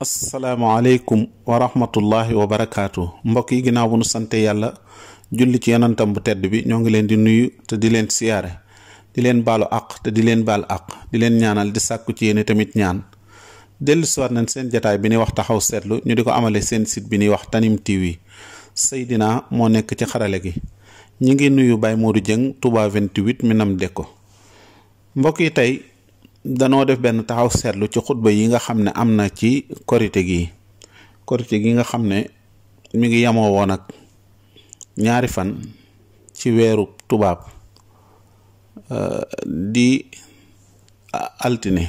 asalaamaaleykum wa rahmatullahi wa barakaatu mbokk yi ginnaaw bu nu sante yàlla julli ci yonantam bu tedd bi ñoo ngi leen di nuyu te di leen siyaare di leen baalu àq te di leen baal àq di leen ñaanal di sàkku ci yéene tamit ñaan dellu war nañ seen jataay bi nuy wax taxaw seetlu ñu di ko amale seen site bi ñuy wax Tanime TV Seydina moo nekk ci xarale gi ñi ngi nuyu Baye Modou Dieng Touba 28 Minam Deko mbokk yi tey danoo def benn taxaw seetlu ci xutba yi nga xam ne am na ci korite gi korite gi nga xam ne mi ngi yamoo woon ak ñaari fan ci weeru tubaab euh, di altine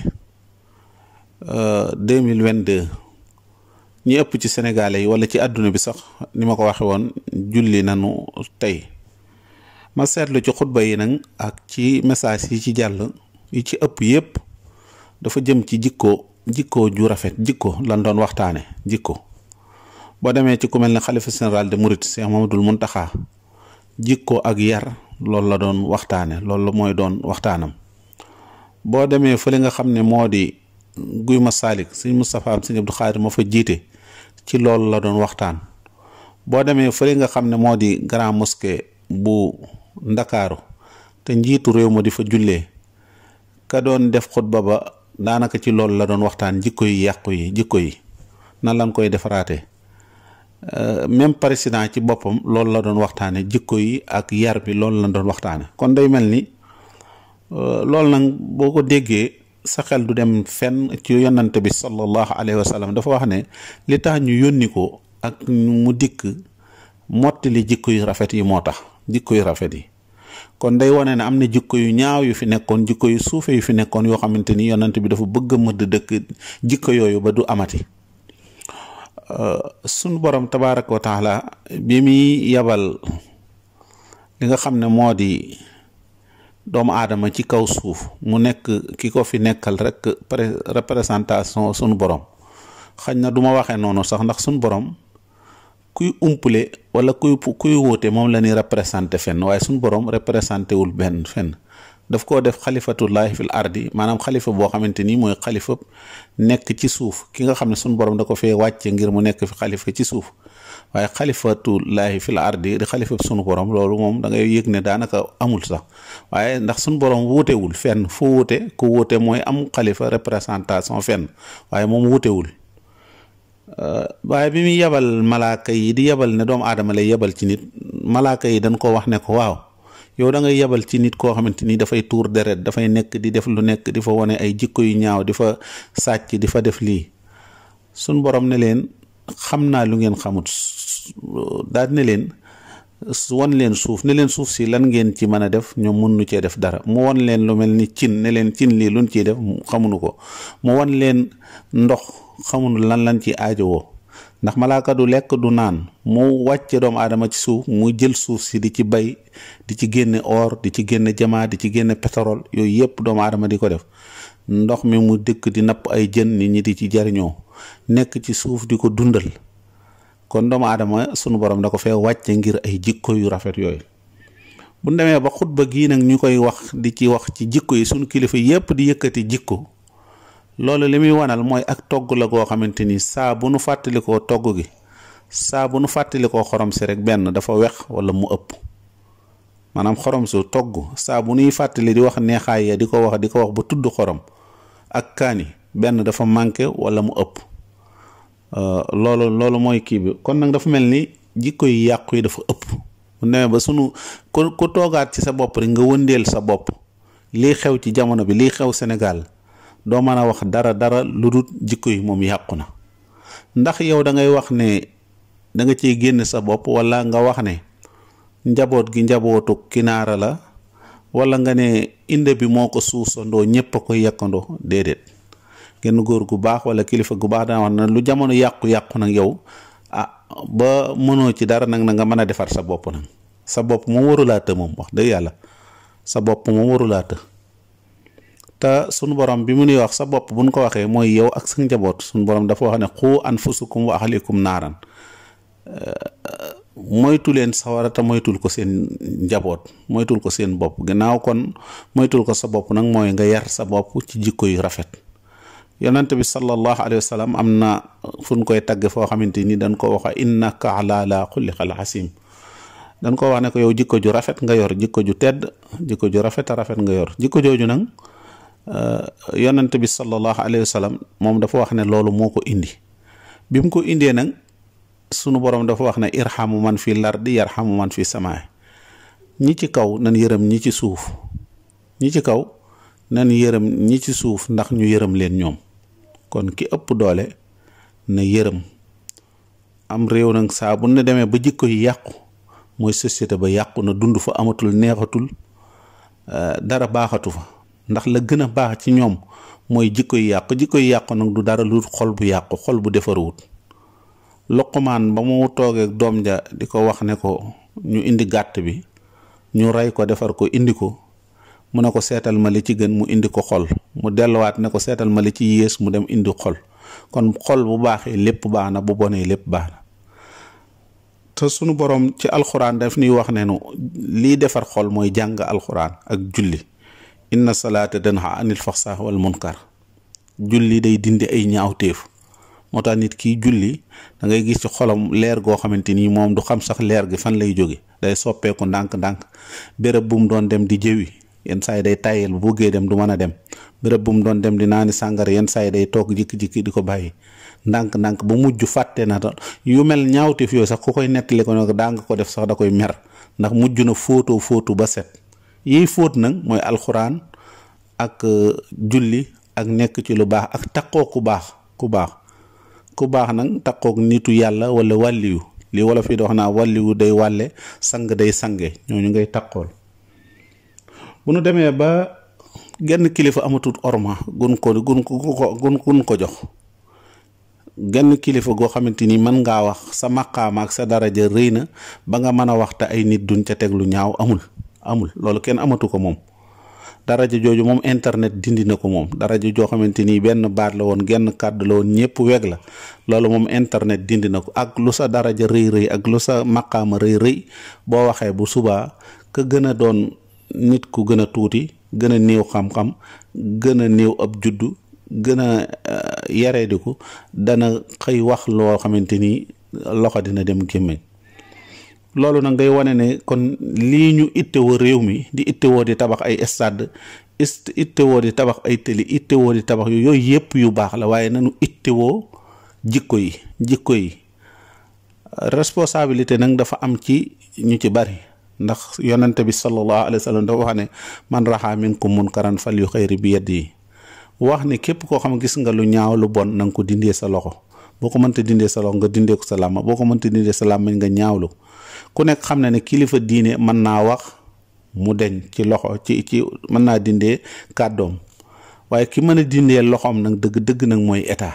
euh, deux mille vingt deux ñi ëpp ci sénégalais yi wala ci àdduna bi sax ni ma ko waxe woon julli nanu tey ma seetlu ci xutba yi nag ak ci message yi ci jàll yi ci ëpp yépp dafa jëm ci jikko jikko ju rafet jikko lan doon waxtaane jikko boo demee ci ku mel ne xalifa général de Mouride Cheikh Mamadou Mountakha jikko ak yar loolu la doon waxtaane loolu mooy doon waxtaanam boo demee fële nga xam ne moo di guy ma saalik sëñ Moustapha am sëñ Abdou fa jiite ci loolu la doon waxtaan boo demee fële nga xam ne moo di grand mosquée bu ndakaaru te njiitu réew ma di fa jullee ka doon def xutba ba daanaka ci loolu la doon waxtaan jikko yi yàqu yi jikko yi nan lañ koy defaraate euh, même président ci boppam loolu la doon waxtaane jikko yi ak yar bi loolu la doon waxtaane kon day mel ni euh, loolu nag boo ko déggee sa xel du dem fenn ci yonante bi sallallahu alayhi wa sallam dafa wax ne li tax ñu yónni ko ak mu dikk mottali jikko yu rafet yi moo tax jikko yu rafet yi kon day wane ne am na jikko yu ñaaw yu fi nekkoon jikko yu suufe yu fi nekkoon yoo xamante ni yonent bi dafa bëgg a mëdd dëkk jikko yooyu ba du amati euh, sunu borom tabaaraka wa la bi muy yabal li nga xam ne moo di doomu aadama ci kaw suuf mu nekk ki ko fi nekkal rek représentation sunu borom xañ na duma ma waxee noonu sax ndax sunu borom. kuy umpule wala kuy kuy wuute moom la ñuy représenté fenn waaye suñu borom représenté wul benn fenn daf koo def xalifatullahi fil ardi maanaam xalifa boo xamante ni mooy xalifa nekk ci suuf ki nga xam ne suñu borom da ko fee wàcce ngir mu nekk fi xalifa ci suuf waaye xalifatullahi fil ardi di xalifa suñu borom loolu moom da ngay yëg ne daanaka amul sax waaye ndax suñu borom wuutewul fenn fu wuute ku woote mooy am xalifa représentation fenn waaye moom wuutewul waaye bi muy yebal malaaka yi di yebal ne doomu aadama lay yebal ci nit malaaka yi dañ ko wax ne ko waaw yow da ngay yebal ci nit koo xamante ni dafay tuur deret dafay nekk di def lu nekk di fa wane ay jikko yu ñaaw di fa sàcc di fa def lii sun borom ne leen xam naa lu ngeen xamut daal ne leen won leen suuf ne leen suuf si lan ngeen ci mën a def ñoom mënuñu cee def dara mu won leen lu mel ni cin ne leen cin lii luñ ciy def xamuñu ko mu won leen ndox xamuñu lan lan ci aajowoo ndax malaaka du lekk du naan mu wàcce doomu aadama ci suuf mu jël suuf si di ci bay di ci génne or di ci génne jamaa di ci génne pétrole yooyu yëpp doomu aadama di ko def ndox mi mu dëkk di napp ay jën nit ñi di ci jariñoo nekk ci suuf di ko dundal kon doomu aadama sunu borom da ko fee wàcce ngir ay jikko yu rafet yooyu bu demee ba xutba gii nag ñu koy wax di ci wax ci jikko yi sunu kilifa yëpp di yëkkati jikko loolu li muy wanal mooy ak togg la goo xamante ni saa bu nu fàttalikoo togg gi saa bu nu fàttalikoo xorom si rek benn dafa wex wala mu ëpp maanaam xorom si togg saa bu nuy fàttali di wax neexaay ya di ko wax di ko wax ba tudd xorom ak kaani benn dafa manqué wala mu ëpp euh, loolu loolu mooy kii bi kon nag dafa mel ni jikko yi yàqu yi dafa ëpp mu demee ba sunu ku ku toogaat ci sa bopp rek nga wëndeel sa bopp lii xew ci jamono bi lii xew Sénégal doo mën a wax dara dara lu dul jikko yi moom yàqu na ndax yow da ngay wax ne da nga ciy génn sa bopp wala nga wax ne njaboot gi njabootu kinaara la wala nga ne inde bi moo ko suusandoo ñëpp a yekkandoo yàkkandoo déedéet genn góor gu baax wala kilifa gu baax dana wax na lu jamono yàqu-yàqu nag yow ah ba mënoo ci dara nag na nga mën a defar sa bopp nag sa bopp moom warulaata moom wax dëgg yàlla sa bopp moom warulaata te sunu borom bi mu nuy wax sa bopp bu buñ ko waxee mooy yow ak sa njaboot suñ borom dafa wax ne xu anfusukum wa ahlikum naaran euh, moytu leen sawara te ko seen njaboot moytul ko seen bopp gannaaw kon moytul ko sa bopp nag mooy nga yar sa bopp ci jikko yu rafet yonent bi sallallahu alayhi wa sallam am na fu koy tagg foo xamante ni dañ ko wax innaka ala la xuliqal asim dañ ko wax ne ko yow jikko ju rafet nga yor jikko ju tedd jikko ju rafet a rafet nga yor jikko jooju nag Euh, yonent bi sallallahu alayhi wa sallam moom dafa wax ne loolu moo ko indi bi mu ko indee nag sunu borom dafa wax ne irhamu man fi lardi yarhamu man fi samaay ñi ci kaw nan yërëm ñi ci suuf ñi ci kaw nan yërëm ñi ci suuf ndax ñu yërëm leen ñoom kon ki ëpp doole na yërëm am réew nag saa bu ne demee ba jikko yi yàqu mooy société ba yàqu na dund fa amatul neexatul euh, dara baaxatu fa ndax la gën a baax ci ñoom mooy jikko yu yàqu jikko yu yàqu nag du dara lu xol bu yàqu xol bu defaruwut Luqmaan ba mu toogeek doom ja di ko wax ne ko ñu indi gàtt bi ñu rey ko defar ko indi ko mu ne ko seetal ma li ci gën mu indi ko xol mu delluwaat ne ko seetal ma li ci yées mu dem indi xol kon xol bu baaxee lépp baax na bu bonee lépp baax na te sunu boroom ci alxuraan daf ñuy wax ne nu liy defar xol mooy jàng alxuraan ak julli inna salaata tanha anil faxsaa wal munkar julli day dindi ay ñaawteef moo tax nit kii julli da ngay gis ci xolam leer goo xamante ni moom du xam sax leer gi fan lay jóge day soppeeku ndànk-ndànk béréb bu mu doon dem di jëwi yenn saa yi day bu bëggee dem du mën a dem béréb bu mu doon dem di naani sàngara yenn saa yi day toog jikki-jikki di ko bàyyi ndànk-ndànk bu mujj fàtte na yu mel ñaawteef yooyu sax ku koy nettali ko ne daa nga ko def sax da koy mer ndax mujj na fóotoo fóotu ba set yiy fóot nag mooy alxuraan ak euh, julli ak nekk ci lu baax ak takkoo ku baax ku baax ku baax nag takkook nitu yàlla wala wàlliyu li wala fii di wax naa wàlliwu day wàlle sang day sange ñooñu ngay takkool bu nu demee ba genn kilifa amatul orma gun ko gun ko gun ko jox genn kilifa goo xamante ni mën ngaa wax sa maqaama ak sa daraja rëy na ba nga mën a wax te ay nit duñ ca teg lu ñaaw amul amul loolu kenn amatu ko moom daraja jooju moom internet dindi na ko moom daraja joo xamante ni benn baat la woon genn kàddu la woon ñëpp weg la loolu moom internet dindi na ko ak lu sa daraja rëy rëy ak lu sa maqaama rëy rëy boo waxee bu subaa ka gën a doon nit ku gën a tuuti gën a néew xam-xam gën a néew ab juddu gën a eh, yareediku dana xëy wax loo xamante ni loxo dina dem gémmiñ loolu nag ngay wane ne kon lii ñu ittewoo réew mi di ittewoo di tabax ay stade ittewoo di tabax ay tëli ittewoo di tabax yooyu yooyu yëpp yu baax la waaye nanu ittewoo jikko yi jikko yi responsabilité nag dafa am ci ñu ci bari ndax yonente bi sallallahu alayhi wa sallam dafa wax ne man raxaa mun munkaran fal yu xayri bi yi wax ne képp koo xam gis nga lu ñaaw lu bon nanga ko dindee sa loxo boo ko mënta dindee sa loxo nga dindee ko sa làmma boo ko mënta dindee sa làmmañ nga ñaawlu ku nekk xam na ne kilifa diine mën naa wax mu deñ ci loxo ci ci mën naa dindee kàddoom waaye ki mën a dindee loxoom nag dëgg dëgg nag mooy état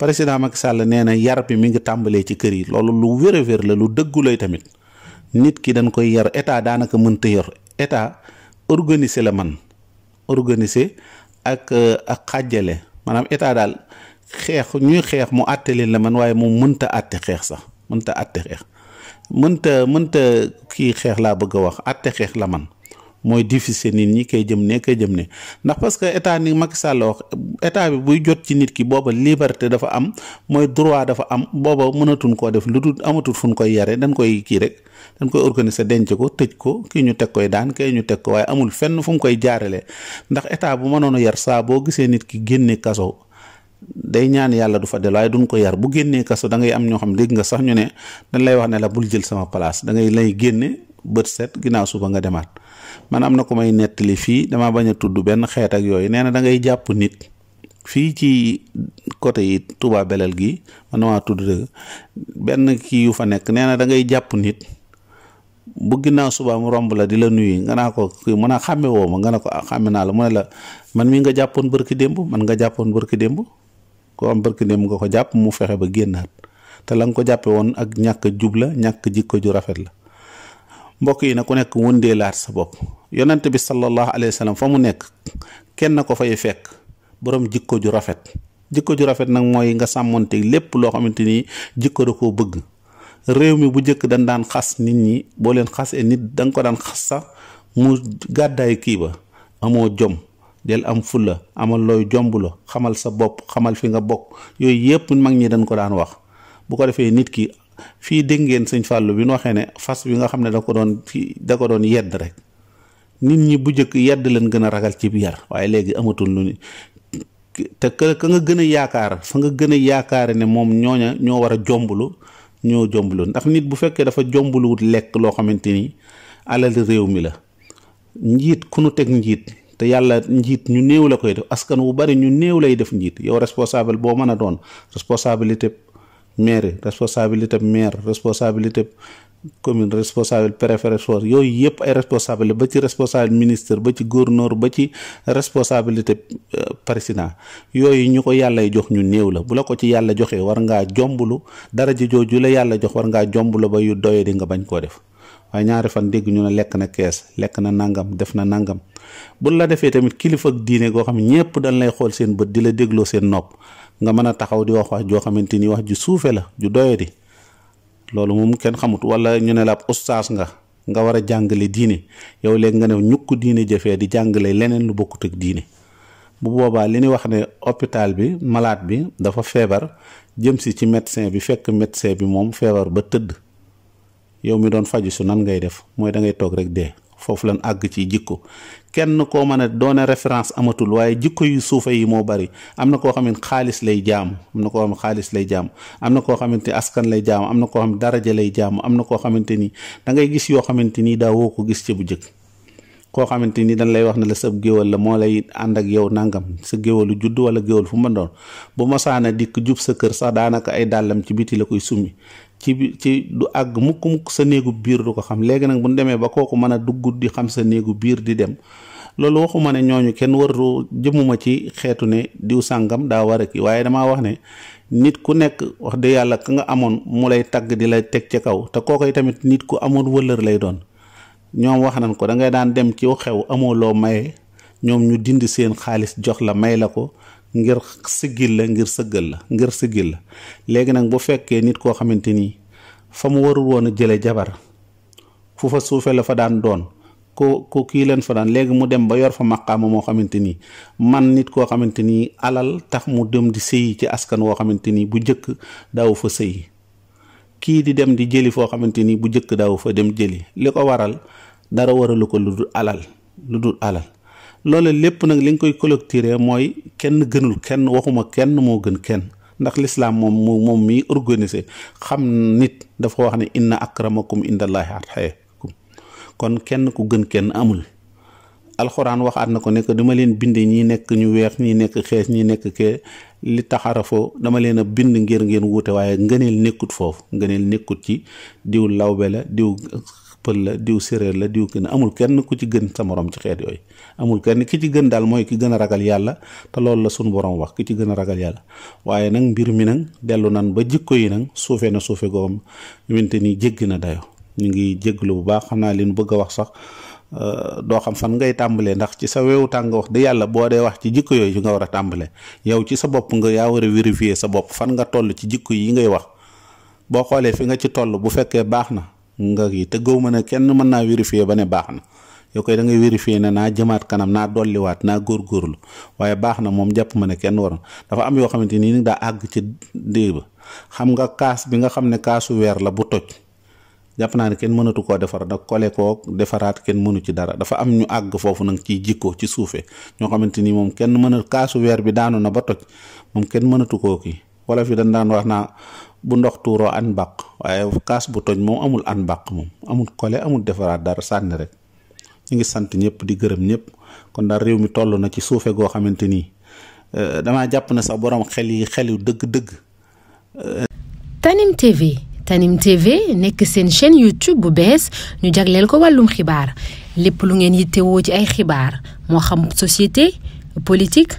président Macky Sall nee na yar bi mi ngi tàmbalee ci kër yi loolu lu wér a wér la lu dëggu tamit nit ki dañ koy yar état daanaka mënta yor état organiser la man organiser ak euh, ak xàjjale maanaam état daal. xeex ñuy xeex mu àtte leen la man waaye moom mënta àtte xeex sax mënta àtte xeex mënta mënta kii xeex laa bëgg a wax àtte xeex la man mooy difficile nit ñi koy jëm ne koy jëm ne ndax parce que état ni Macky Sall wax état buy jot ci nit ki booba liberté dafa am mooy droit dafa am booba mënatuñ koo def lu dul amatul fu ñu koy yare dañ koy kii rek dañ koy organiser denc ko tëj ko kii ñu teg koy daan kii ñu teg ko waaye amul fenn fu mu koy jaarale ndax état bu mënoon a saa boo gisee nit ki génne kaso day ñaan yàlla du fa dellu waaye duñ ko yar bu génnee kaso da ngay am ñoo xam dégg nga sax ñu ne dañ lay wax ne la bul jël sama place da ngay lay génne bët set ginnaaw suba nga demaat man am na ko may nettali fii damaa bañ a tudd benn xeet ak yooyu nee na da nit fii ci côté yi Touba Belel gi man tudd dëgg benn kii yu fa nekk nee na da ngay jàpp nit bu ginnaaw suba mu romb la di la nuyu nga naa ko kii mën a xàmme woo ma nga ne ko ah xàmme naa la mu ne la man mii nga jàppoon bërki démb man nga jàppoon bërki démb koo am barke nga ko jàpp mu fexe ba génnaat te la nga ko jàppe woon ak ñàkk jub la ñàkk jikko ju rafet la mbokk yi na ku nekk laat sa bopp yonent bi sallallahu alayhi wa sallam fa mu nekk kenn ko fay fekk boroom jikko ju rafet jikko ju rafet nag mooy nga sàmmonte lépp loo xamante ni jikko da koo bëgg réew mi bu njëkk dañ daan xas nit ñi boo leen xasee nit danga ko daan xas sax mu gàddaay kii ba amoo jom del am fulla amal looy jomb la xamal sa bopp xamal fi nga bokk yooyu yëpp mag ñi dañ ko daan wax bu ko defee nit ki fii dégg ngeen sëñ Fallou bi nu waxee ne fas bi nga xam ne da ko doon fi da doon yedd rek nit ñi bu njëkk yedd leen gën a ragal cib yar waaye léegi amatul lu ni te ka ka nga gën a yaakaar fa nga gën a yaakaare ne moom ñooña ñoo war a jomblu ñoo jomblu ndax nit bu fekkee dafa jombluwut lekk loo xamante ni alal réew mi la njiit ku nu teg njiit te yàlla njiit ñu néew la koy def askan wu bari ñu néew lay def njiit yow responsable boo mën a doon responsabilité maire responsabilité maire responsabilité commune responsable préfet yooyu yëpp ay ba ci responsable ministre ba ci gouverneur ba ci responsabilité euh, président yooyu ñu ko yàllay jox ñu néew la bu la ko ci yàlla joxee war ngaa jomblu dara ji jooju la yàlla jox war ngaa jomblu ba yu doye di nga bañ koo def waaye ñaari fan dégg ñu ne lekk na kees lekk na nangam def na nangam buñ la defee tamit kilifa ak diine goo xam ñépp dañ lay xool seen bët di la dégloo seen nopp nga mën a taxaw di wax wax joo xamante ni wax ju suufe la ju doyadi loolu moom kenn xamut walla ñu ne la ab ustaas nga nga war a jàngale diine yow léegi nga ne ñukk diine jëfee di jàngale leneen lu bokkut ak diine bu boobaa li ñuy wax ne hôpital bi malaat bi dafa feebar jëm si ci médecin bi fekk médecin bi moom feebar ba tëdd yow mi doon faju su nan ngay def mooy da toog rek dee foofu lan àgg ci jikko kenn koo mën a doone référence amatul waaye jikko yu suufa yi moo bari am na koo xam ne xaalis lay jaam am na koo xam ne xaalis lay jaam am na koo xamante askan lay jaam am na koo xam ne daraja lay am na koo xamante ni da ngay gis yoo xamante ni daa woo ko gis ci bu jëkk koo xamante ni dañ lay wax ne la sab géwal la moo lay ànd ak yow nangam sa géwalu judd wala géwal fu mu doon bu masaana dikk jub sa kër sax daanaka ay dàllam ci biti la koy summi ci ci du àgg mukk mukk sa néegu biir du ko xam léegi nag bu ñu demee ba kooku mën a dugg di xam sa néegu biir di dem loolu waxuma ne ñooñu kenn waratu jëmuma ci xeetu ne diw sàngam daa war a kii waaye damaa wax ne nit ku nekk wax dëgg yàlla ka nga amoon mu lay tagg di la teg ci kaw te yi tamit nit ku amoon wëllër lay doon ñoom wax nañ ko da ngay daan dem ci xew amoo loo maye ñoom ñu dindi seen xaalis jox la may la ko ngir siggil la ngir sëggal la ngir siggil la léegi nag bu fekkee nit koo xamante ni fa mu warul woon a jële jabar fu fa suufee la fa daan doon ko ko kii leen fa daan léegi mu dem ba yor fa maqaama moo xamante ni man nit koo xamante ni alal tax mu dem di sëyi ci askan woo xamante ni bu njëkk daaw fa sëyi kii di dem di jëli foo xamante ni bu njëkk daaw fa dem jëli li ko waral dara waralu ko lu dul alal lu dul alal loole lépp nag li koy collecter mooy kenn gënul kenn waxuma kenn moo gën kenn ndax lislaam moom moom mii organisé xam nit dafa wax ne inna akramakum indallahi atqakum kon kenn ku gën kenn amul alxuraan wax waxaat na ko ne que dama leen bind ñi nekk ñu weex ñi nekk xees ñi nekk kee li taxarafoo dama leen a bind ngir ngeen wuute waaye ngëneel nekkut foofu ngëneel nekkut ci diw lawbe la diw pël la diw séréer la diw ki ne amul kenn ku ci gën sa morom ci xeet yooyu amul kenn ki ci gën daal mooy ki gën a ragal yàlla te loolu la suñu borom wax ki ci gën a ragal yàlla waaye nag mbir mi nag dellu nan ba jikko yi nag suufee na suufe goom wante ni jéggi na dayo ñu ngi jégglu bu baax xam naa leen bëgg a wax sax euh, doo xam fan ngay tàmbalee ndax ci sa weewu tàng wax de yàlla boo dee wax ci jikko yooyu nga war a tàmbalee yow ci sa bopp nga yaa war a vérifier sa bopp fan nga toll ci jikko yi ngay wax boo xoolee fi nga ci toll bu fekkee baax na nga kii te gaw ma ne kenn mën naa vérifier ba ne baax na yoo koy dangay ngay vérifier ne naa jëmaat kanam naa dolliwaat naa góorgóorlu waaye baax na moom jàpp ma ne kenn waroon dafa am yoo xamante nii nag daa àgg ci dée ba xam nga kaas bi nga xam ne kaasu weer la bu toj jàpp naa ne kenn mënatu koo defar nag kole koo defaraat kenn mënu ci dara dafa am ñu àgg foofu nag ciy jikko ci suufee ñoo xamante ni moom kenn mën a kaasu weer bi daanu na ba toj moom kenn mënatu koo kii wala fi dañ daan wax naa bu ndox tuuroo an bàq waaye kaas bu toj moom amul an bàq moom amul kole amul defaraat dara sànni rek ñu ngi sant ñëpp di gërëm ñëpp kon daal réew mi toll na ci suufe goo xamante nii euh, damaa jàpp na sax borom xel yi xel yu dëgg-dëgg. Tanim TV Tanim TV nekk seen chaîne YouTube bu bees ñu jagleel ko wàllum xibaar lépp lu ngeen yittewoo ci ay xibaar moo xam société politique.